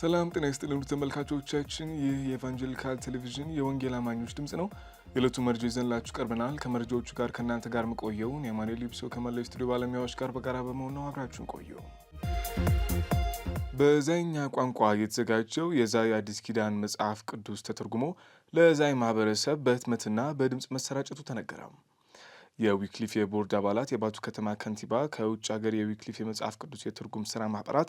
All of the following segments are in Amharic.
ሰላም ጤና ይስጥልን ተመልካቾቻችን፣ ይህ የኤቫንጀሊካል ቴሌቪዥን የወንጌል አማኞች ድምፅ ነው። የዕለቱ መርጃ ይዘንላችሁ ቀርበናል። ከመረጃዎቹ ጋር ከእናንተ ጋር መቆየውን የማኑኤል ሊብሶ ከመላው ስቱዲዮ ባለሙያዎች ጋር በጋራ በመሆን ነው። አብራችሁን ቆዩ። በዛይኛ ቋንቋ የተዘጋጀው የዛይ አዲስ ኪዳን መጽሐፍ ቅዱስ ተተርጉሞ ለዛይ ማህበረሰብ በህትመትና በድምፅ መሰራጨቱ ተነገረም። የዊክሊፍ የቦርድ አባላት፣ የባቱ ከተማ ከንቲባ፣ ከውጭ ሀገር የዊክሊፍ የመጽሐፍ ቅዱስ የትርጉም ስራ ማህበራት፣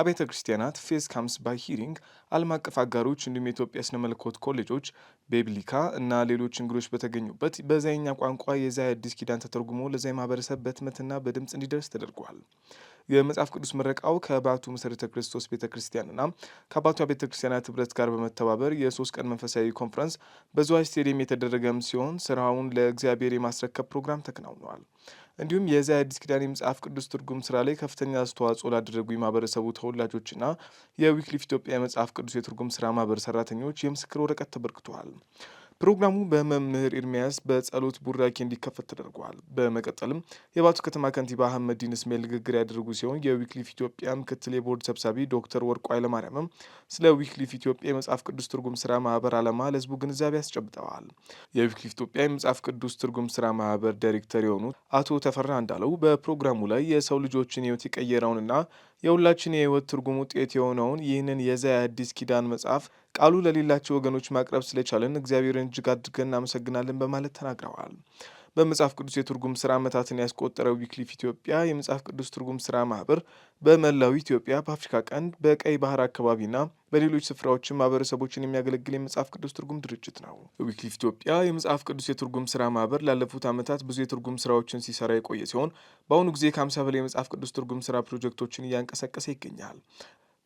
አብያተ ክርስቲያናት፣ ፌዝ ካምስ ባይ ሂሪንግ፣ ዓለም አቀፍ አጋሮች እንዲሁም የኢትዮጵያ ስነ መለኮት ኮሌጆች፣ ቤብሊካ እና ሌሎች እንግዶች በተገኙበት በዛይኛ ቋንቋ የዛይ አዲስ ኪዳን ተተርጉሞ ለዛይ ማህበረሰብ በህትመትና በድምፅ እንዲደርስ ተደርጓል። የመጽሐፍ ቅዱስ ምረቃው ከባቱ መሰረተ ክርስቶስ ቤተ ክርስቲያንና ከባቱ ቤተ ክርስቲያናት ህብረት ጋር በመተባበር የሶስት ቀን መንፈሳዊ ኮንፈረንስ በዝዋይ ስቴዲየም የተደረገም ሲሆን ስራውን ለእግዚአብሔር የማስረከብ ፕሮግራም ተከናውነዋል። እንዲሁም የዚያ አዲስ ኪዳን የመጽሐፍ ቅዱስ ትርጉም ስራ ላይ ከፍተኛ አስተዋጽኦ ላደረጉ የማህበረሰቡ ተወላጆችና የዊክሊፍ ኢትዮጵያ የመጽሐፍ ቅዱስ የትርጉም ስራ ማህበር ሰራተኞች የምስክር ወረቀት ተበርክተዋል። ፕሮግራሙ በመምህር ኤርሚያስ በጸሎት ቡራኬ እንዲከፈት ተደርጓል። በመቀጠልም የባቱ ከተማ ከንቲባ አህመዲን እስሜል ንግግር ያደረጉ ሲሆን የዊክሊፍ ኢትዮጵያ ምክትል የቦርድ ሰብሳቢ ዶክተር ወርቁ ኃይለማርያምም ስለ ዊክሊፍ ኢትዮጵያ የመጽሐፍ ቅዱስ ትርጉም ስራ ማህበር ዓላማ ለህዝቡ ግንዛቤ አስጨብጠዋል። የዊክሊፍ ኢትዮጵያ የመጽሐፍ ቅዱስ ትርጉም ስራ ማህበር ዳይሬክተር የሆኑት አቶ ተፈራ እንዳለው በፕሮግራሙ ላይ የሰው ልጆችን ህይወት የቀየረውንና የሁላችን የህይወት ትርጉም ውጤት የሆነውን ይህንን የዛ አዲስ ኪዳን መጽሐፍ ቃሉ ለሌላቸው ወገኖች ማቅረብ ስለቻለን እግዚአብሔርን እጅግ አድርገን እናመሰግናለን በማለት ተናግረዋል። በመጽሐፍ ቅዱስ የትርጉም ስራ ዓመታትን ያስቆጠረው ዊክሊፍ ኢትዮጵያ የመጽሐፍ ቅዱስ ትርጉም ስራ ማህበር በመላው ኢትዮጵያ በአፍሪካ ቀንድ በቀይ ባህር አካባቢና በሌሎች ስፍራዎችን ማህበረሰቦችን የሚያገለግል የመጽሐፍ ቅዱስ ትርጉም ድርጅት ነው። ዊክሊፍ ኢትዮጵያ የመጽሐፍ ቅዱስ የትርጉም ስራ ማህበር ላለፉት ዓመታት ብዙ የትርጉም ስራዎችን ሲሰራ የቆየ ሲሆን በአሁኑ ጊዜ ከ50 በላይ የመጽሐፍ ቅዱስ ትርጉም ስራ ፕሮጀክቶችን እያንቀሳቀሰ ይገኛል።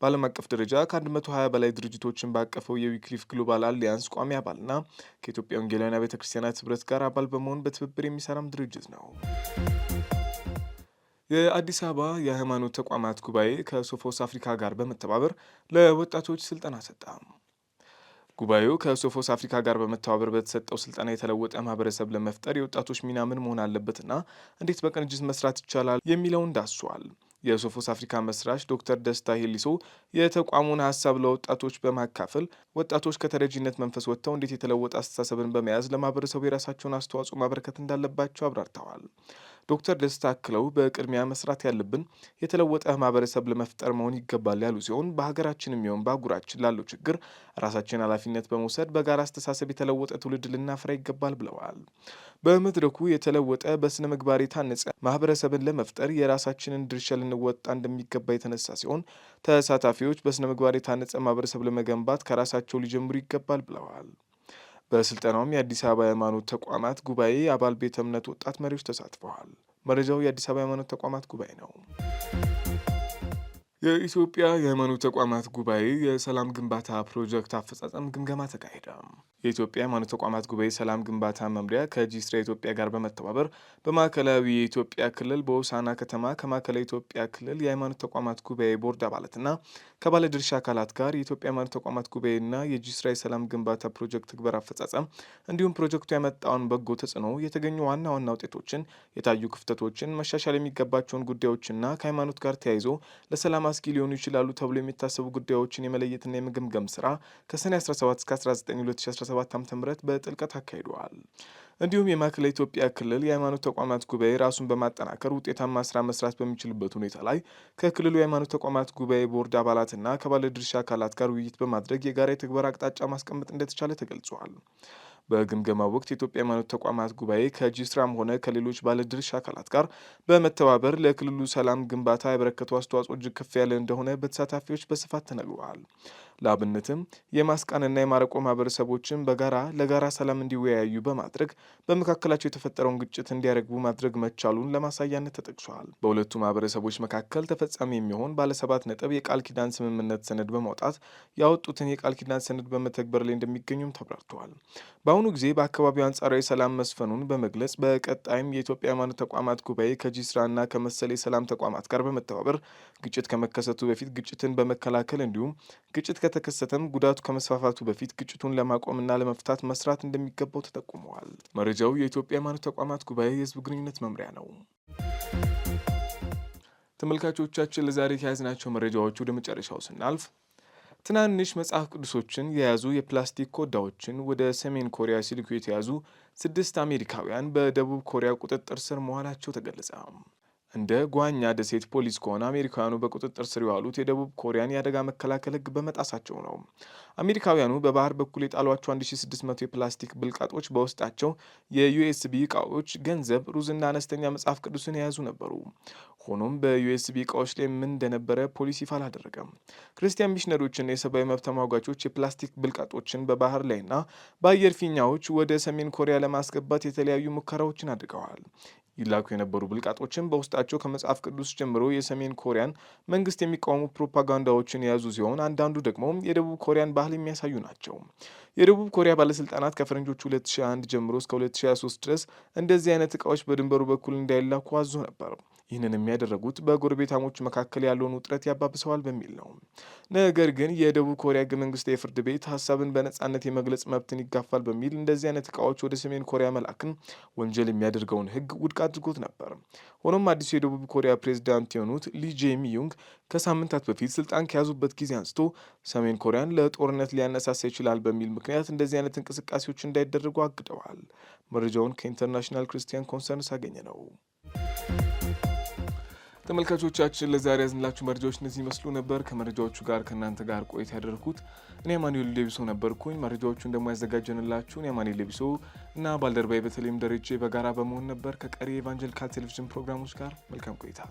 በዓለም አቀፍ ደረጃ ከ120 በላይ ድርጅቶችን ባቀፈው የዊክሊፍ ግሎባል አሊያንስ ቋሚ አባልና ከኢትዮጵያ ወንጌላውያን ቤተ ክርስቲያናት ህብረት ጋር አባል በመሆን በትብብር የሚሰራም ድርጅት ነው። የአዲስ አበባ የሃይማኖት ተቋማት ጉባኤ ከሶፎስ አፍሪካ ጋር በመተባበር ለወጣቶች ስልጠና ሰጣ። ጉባኤው ከሶፎስ አፍሪካ ጋር በመተባበር በተሰጠው ስልጠና የተለወጠ ማህበረሰብ ለመፍጠር የወጣቶች ሚና ምን መሆን አለበትና እንዴት በቅንጅት መስራት ይቻላል የሚለውን ዳስሷል። የሶፎስ አፍሪካ መስራች ዶክተር ደስታ ሄሊሶ የተቋሙን ሀሳብ ለወጣቶች በማካፈል ወጣቶች ከተረጂነት መንፈስ ወጥተው እንዴት የተለወጠ አስተሳሰብን በመያዝ ለማህበረሰቡ የራሳቸውን አስተዋጽኦ ማበረከት እንዳለባቸው አብራርተዋል። ዶክተር ደስታ አክለው በቅድሚያ መስራት ያለብን የተለወጠ ማህበረሰብ ለመፍጠር መሆን ይገባል ያሉ ሲሆን በሀገራችን የሚሆን በአህጉራችን ላለው ችግር ራሳችን ኃላፊነት በመውሰድ በጋራ አስተሳሰብ የተለወጠ ትውልድ ልናፈራ ይገባል ብለዋል። በመድረኩ የተለወጠ በስነ ምግባር የታነጸ ማህበረሰብን ለመፍጠር የራሳችንን ድርሻ ልንወጣ እንደሚገባ የተነሳ ሲሆን ተሳታፊዎች በስነ ምግባር የታነጸ ማህበረሰብ ለመገንባት ከራሳቸው ሊጀምሩ ይገባል ብለዋል። በስልጠናውም የአዲስ አበባ የሃይማኖት ተቋማት ጉባኤ አባል ቤተ እምነት ወጣት መሪዎች ተሳትፈዋል። መረጃው የአዲስ አበባ ሃይማኖት ተቋማት ጉባኤ ነው። የኢትዮጵያ የሃይማኖት ተቋማት ጉባኤ የሰላም ግንባታ ፕሮጀክት አፈጻጸም ግምገማ ተካሄደ። የኢትዮጵያ ሃይማኖት ተቋማት ጉባኤ ሰላም ግንባታ መምሪያ ከጂስትራ ኢትዮጵያ ጋር በመተባበር በማዕከላዊ የኢትዮጵያ ክልል በሆሳዕና ከተማ ከማዕከላዊ ኢትዮጵያ ክልል የሃይማኖት ተቋማት ጉባኤ ቦርድ አባላትና ከባለድርሻ አካላት ጋር የኢትዮጵያ ሃይማኖት ተቋማት ጉባኤና የጂስትራ የሰላም ግንባታ ፕሮጀክት ትግበር አፈጻጸም እንዲሁም ፕሮጀክቱ ያመጣውን በጎ ተጽዕኖ የተገኙ ዋና ዋና ውጤቶችን፣ የታዩ ክፍተቶችን፣ መሻሻል የሚገባቸውን ጉዳዮችና ከሃይማኖት ጋር ተያይዞ ለሰላም አስጊ ሊሆኑ ይችላሉ ተብሎ የሚታሰቡ ጉዳዮችን የመለየትና የመገምገም ስራ ከሰኔ 17 እስከ 19 2017 2017 ዓ.ም በጥልቀት አካሂደዋል። እንዲሁም የማዕከላዊ ኢትዮጵያ ክልል የሃይማኖት ተቋማት ጉባኤ ራሱን በማጠናከር ውጤታማ ስራ መስራት በሚችልበት ሁኔታ ላይ ከክልሉ የሃይማኖት ተቋማት ጉባኤ ቦርድ አባላትና ከባለድርሻ አካላት ጋር ውይይት በማድረግ የጋራ የተግበር አቅጣጫ ማስቀመጥ እንደተቻለ ተገልጿል። በግምገማ ወቅት የኢትዮጵያ ሃይማኖት ተቋማት ጉባኤ ከጂስራም ሆነ ከሌሎች ባለድርሻ አካላት ጋር በመተባበር ለክልሉ ሰላም ግንባታ ያበረከቱ አስተዋጽኦ እጅግ ከፍ ያለ እንደሆነ በተሳታፊዎች በስፋት ተነግረዋል። ለአብነትም የማስቃንና የማረቆ ማህበረሰቦችን በጋራ ለጋራ ሰላም እንዲወያዩ በማድረግ በመካከላቸው የተፈጠረውን ግጭት እንዲያረግቡ ማድረግ መቻሉን ለማሳያነት ተጠቅሷል። በሁለቱ ማህበረሰቦች መካከል ተፈጻሚ የሚሆን ባለሰባት ነጥብ የቃል ኪዳን ስምምነት ሰነድ በማውጣት ያወጡትን የቃል ኪዳን ሰነድ በመተግበር ላይ እንደሚገኙም ተብራርተዋል። በአሁኑ ጊዜ በአካባቢው አንጻራዊ ሰላም መስፈኑን በመግለጽ በቀጣይም የኢትዮጵያ ሃይማኖት ተቋማት ጉባኤ ከጂስራና ከመሰል የሰላም ተቋማት ጋር በመተባበር ግጭት ከመከሰቱ በፊት ግጭትን በመከላከል እንዲሁም ግጭት ከተከሰተም ጉዳቱ ከመስፋፋቱ በፊት ግጭቱን ለማቆምና ለመፍታት መስራት እንደሚገባው ተጠቁመዋል። መረጃው የኢትዮጵያ ሃይማኖት ተቋማት ጉባኤ የህዝብ ግንኙነት መምሪያ ነው። ተመልካቾቻችን ለዛሬ ከያዝናቸው መረጃዎች ወደ መጨረሻው ስናልፍ ትናንሽ መጽሐፍ ቅዱሶችን የያዙ የፕላስቲክ ኮዳዎችን ወደ ሰሜን ኮሪያ ሲልኩ የተያዙ ስድስት አሜሪካውያን በደቡብ ኮሪያ ቁጥጥር ስር መዋላቸው ተገለጸ። እንደ ጓኛ ደሴት ፖሊስ ከሆነ አሜሪካውያኑ በቁጥጥር ስር የዋሉት የደቡብ ኮሪያን የአደጋ መከላከል ሕግ በመጣሳቸው ነው። አሜሪካውያኑ በባህር በኩል የጣሏቸው 1600 የፕላስቲክ ብልቃጦች በውስጣቸው የዩኤስቢ እቃዎች፣ ገንዘብ፣ ሩዝና አነስተኛ መጽሐፍ ቅዱስን የያዙ ነበሩ። ሆኖም በዩኤስቢ እቃዎች ላይ ምን እንደነበረ ፖሊስ ይፋ አላደረገም። ክርስቲያን ሚሽነሪዎችና የሰብአዊ መብት ተሟጋቾች የፕላስቲክ ብልቃጦችን በባህር ላይና በአየር ፊኛዎች ወደ ሰሜን ኮሪያ ለማስገባት የተለያዩ ሙከራዎችን አድርገዋል። ይላኩ የነበሩ ብልቃጦችም በውስጣቸው ከመጽሐፍ ቅዱስ ጀምሮ የሰሜን ኮሪያን መንግስት የሚቃወሙ ፕሮፓጋንዳዎችን የያዙ ሲሆን አንዳንዱ ደግሞ የደቡብ ኮሪያን ባህል የሚያሳዩ ናቸው። የደቡብ ኮሪያ ባለስልጣናት ከፈረንጆቹ 2001 ጀምሮ እስከ 2023 ድረስ እንደዚህ አይነት እቃዎች በድንበሩ በኩል እንዳይላኩ አዞ ነበር። ይህንን የሚያደረጉት በጎረቤታሞች መካከል ያለውን ውጥረት ያባብሰዋል በሚል ነው። ነገር ግን የደቡብ ኮሪያ ህገ መንግስት የፍርድ ቤት ሀሳብን በነጻነት የመግለጽ መብትን ይጋፋል በሚል እንደዚህ አይነት እቃዎች ወደ ሰሜን ኮሪያ መላክን ወንጀል የሚያደርገውን ህግ ውድቅ አድርጎት ነበር። ሆኖም አዲሱ የደቡብ ኮሪያ ፕሬዚዳንት የሆኑት ሊ ዩንግ ከሳምንታት በፊት ስልጣን ከያዙበት ጊዜ አንስቶ ሰሜን ኮሪያን ለጦርነት ሊያነሳሳ ይችላል በሚል ምክንያት እንደዚህ አይነት እንቅስቃሴዎች እንዳይደረጉ አግደዋል። መረጃውን ከኢንተርናሽናል ክርስቲያን ኮንሰርንስ አገኘ ነው። ተመልካቾቻችን ለዛሬ ያዝንላችሁ መረጃዎች እነዚህ ይመስሉ ነበር። ከመረጃዎቹ ጋር ከእናንተ ጋር ቆይታ ያደረኩት እኔ አማኑኤል ሌቢሶ ነበርኩኝ። መረጃዎቹን ደግሞ ያዘጋጀንላችሁ እኔ አማኑኤል ሌቢሶ እና ባልደረባዬ በተለይም ደረጀ በጋራ በመሆን ነበር። ከቀሪ የኢቫንጀሊካል ቴሌቪዥን ፕሮግራሞች ጋር መልካም ቆይታ